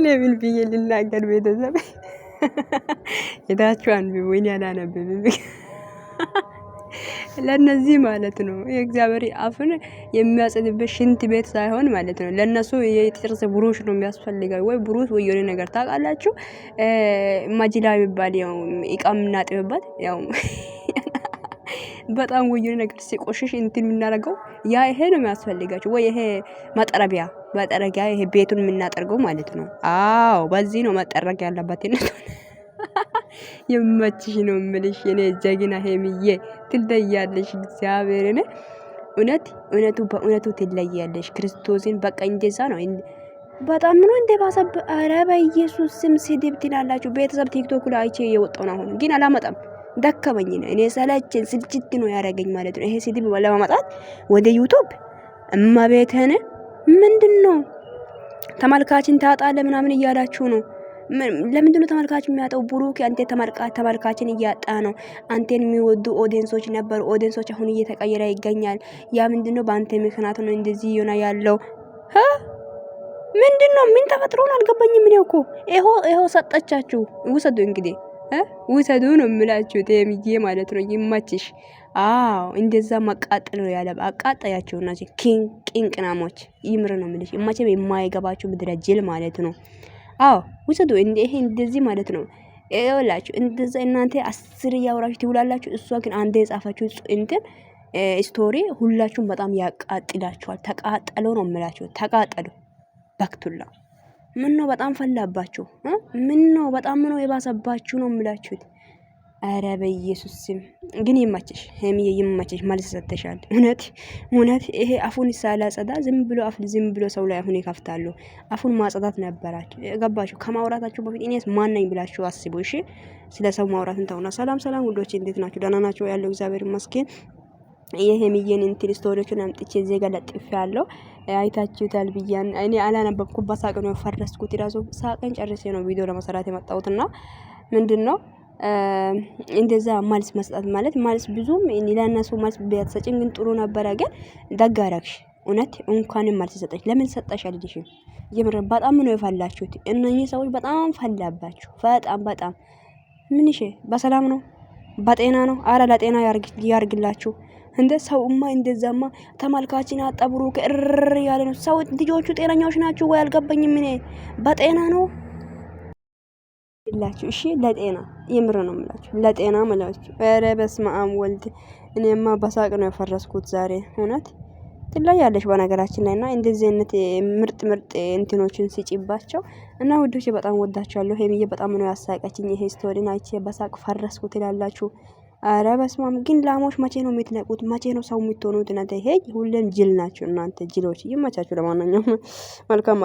እኔ ምን ብዬ ልናገር? ቤተሰብ የታችሁ አንብቡ፣ እኔ አላነብብም። ለእነዚህ ማለት ነው የእግዚአብሔር አፍን የሚያጽድበት ሽንት ቤት ሳይሆን ማለት ነው። ለእነሱ የጥርስ ብሩሽ ነው የሚያስፈልገው፣ ወይ ብሩሽ ወይ የሆነ ነገር ታውቃላችሁ። ማጅላ የሚባል ያው እቃ የምናጥብበት ያው በጣም ወይ የሆነ ነገር ሲቆሽሽ እንትን የምናደርገው ያ ይሄ ነው የሚያስፈልጋችሁ፣ ወይ ይሄ ማጠረቢያ መጠረጊያ ይሄ ቤቱን የምናጠርገው ማለት ነው። አዎ በዚህ ነው መጠረግ ያለበት። የመችሽ ነው ምልሽ የኔ ጀግና ሄምዬ ትለያለሽ። እግዚአብሔርን እውነት እውነቱ በእውነቱ ትለያለሽ። ክርስቶስን በቃ እንጀዛ ነው በጣም ነው እንደ ባሰብ። አረ በኢየሱስ ስም ስድብ ትላላችሁ ቤተሰብ። ቲክቶክ ላይ አይቼ እየወጣሁ ነው። አሁን ግን አላመጣም ደከመኝ ነው እኔ ሰለችን ስልችት ነው ያደረገኝ ማለት ነው። ይሄ ስድብ ለማመጣት ወደ ዩቱብ እማቤትህን ምንድን ነው ተመልካችን ታጣለ ምናምን እያላችሁ ነው። ለምንድን ነው ተመልካች የሚያጠው? ብሩክ አንተ ተመልካችን እያጣ ነው። አንተን የሚወዱ ኦዴንሶች ነበሩ። ኦዲየንሶች አሁን እየተቀየረ ይገኛል። ያ ምንድን ነው? በአንተ ምክንያት ነው እንደዚህ ይሆና ያለው። ምንድን ነው? ምን ተፈጥሮን አልገባኝም። ምን ያውኮ ይሆ ይሆ ሰጠቻችሁ። ውሰዱ እንግዲህ ውሰዱ ነው የምላችሁ። ጤምዬ ማለት ነው ይማችሽ። አዎ እንደዛ ማቃጠል ነው ያለ አቃጠያቸው እና ቂንቅናሞች ይምር ነው የምልሽ። እማቼም የማይገባቸው ምድረ ጅል ማለት ነው። አዎ ውሰዱ። ይሄ እንደዚህ ማለት ነው ላችሁ እንደዛ እናንተ አስር እያወራችሁ ትውላላችሁ። እሷ ግን አንድ የጻፋችሁ እንትን ስቶሪ ሁላችሁም በጣም ያቃጥላችኋል። ተቃጠሎ ነው የምላችሁ። ተቃጠሉ በክቱላ ምን ነው በጣም ፈላባችሁ? ምን ነው በጣም ምን ነው የባሰባችሁ ነው የምላችሁት። አረ በኢየሱስ ስም ግን ይመችሽ፣ ሀይሚዬ ይመችሽ። መልስ ሰጥተሻል። እውነት እውነት ይሄ አፉን ሳላጸዳ ዝም ብሎ አፍ ዝም ብሎ ሰው ላይ አፉን ይከፍታሉ። አፉን ማጸዳት ነበራችሁ። ገባችሁ? ከማውራታችሁ በፊት እኔስ ማነኝ ብላችሁ አስቡ። እሺ፣ ስለ ሰው ማውራትን ተውና። ሰላም ሰላም ውዶች፣ እንዴት ናችሁ? ደህና ናቸው ያለው እግዚአብሔር ይመስገን። የሄምዬን እንትን ስቶሪዎቹን አምጥቼ እዚህ ጋር ያለው አይታችሁታል ብያን እኔ አላነበብኩም። በሳቅ ነው ፈረስኩት። ራሱ ሳቅን ጨርሴ ነው ቪዲዮ ለመሰራት የመጣሁትና ምንድን ነው እንደዛ ማልስ መስጣት ማለት ማልስ ብዙም ለእነሱ ማልስ ቢያትሰጭን ግን ጥሩ ነበረ። ግን ደጋረግሽ እውነት እንኳን ማልስ ሰጠች። ለምን ሰጠሽ አልልሽም። የምር በጣም ነው የፈላችሁት እነኚህ ሰዎች። በጣም ፈላባችሁ። በጣም በጣም ምንሽ በሰላም ነው በጤና ነው። አረ ለጤና ያርግላችሁ። እንደ ሰውማ እንደዛማ ተመልካችን አጣ። ብሩክ ያለ ነው ሰው። ልጆቹ ጤነኛዎች ናቸው ወይ አልገባኝም። እኔ በጤና ነው ይላችሁ እሺ ለጤና የምር ነው ምላችሁ፣ ለጤና ምላችሁ። ኧረ በስመ አብ ወልድ። እኔማ በሳቅ ነው የፈረስኩት ዛሬ እውነት ላይ ያለች በነገራችን ላይ እና እንደዚህ አይነት ምርጥ ምርጥ እንትኖችን ሲጭባቸው እና ውዶቼ በጣም ወዳቸዋለሁ። ይሄ በጣም ነው ያሳቀችኝ። ይሄ ስቶሪን አይቼ በሳቅ ፈረስኩት ይላላችሁ። አረ በስማም ግን ላሞች መቼ ነው የምትነቁት? መቼ ነው ሰው የምትሆኑት? እናንተ ይሄ ሁሌም ጅል ናችሁ እናንተ ጅሎች። ይመቻችሁ። ለማንኛውም መልካም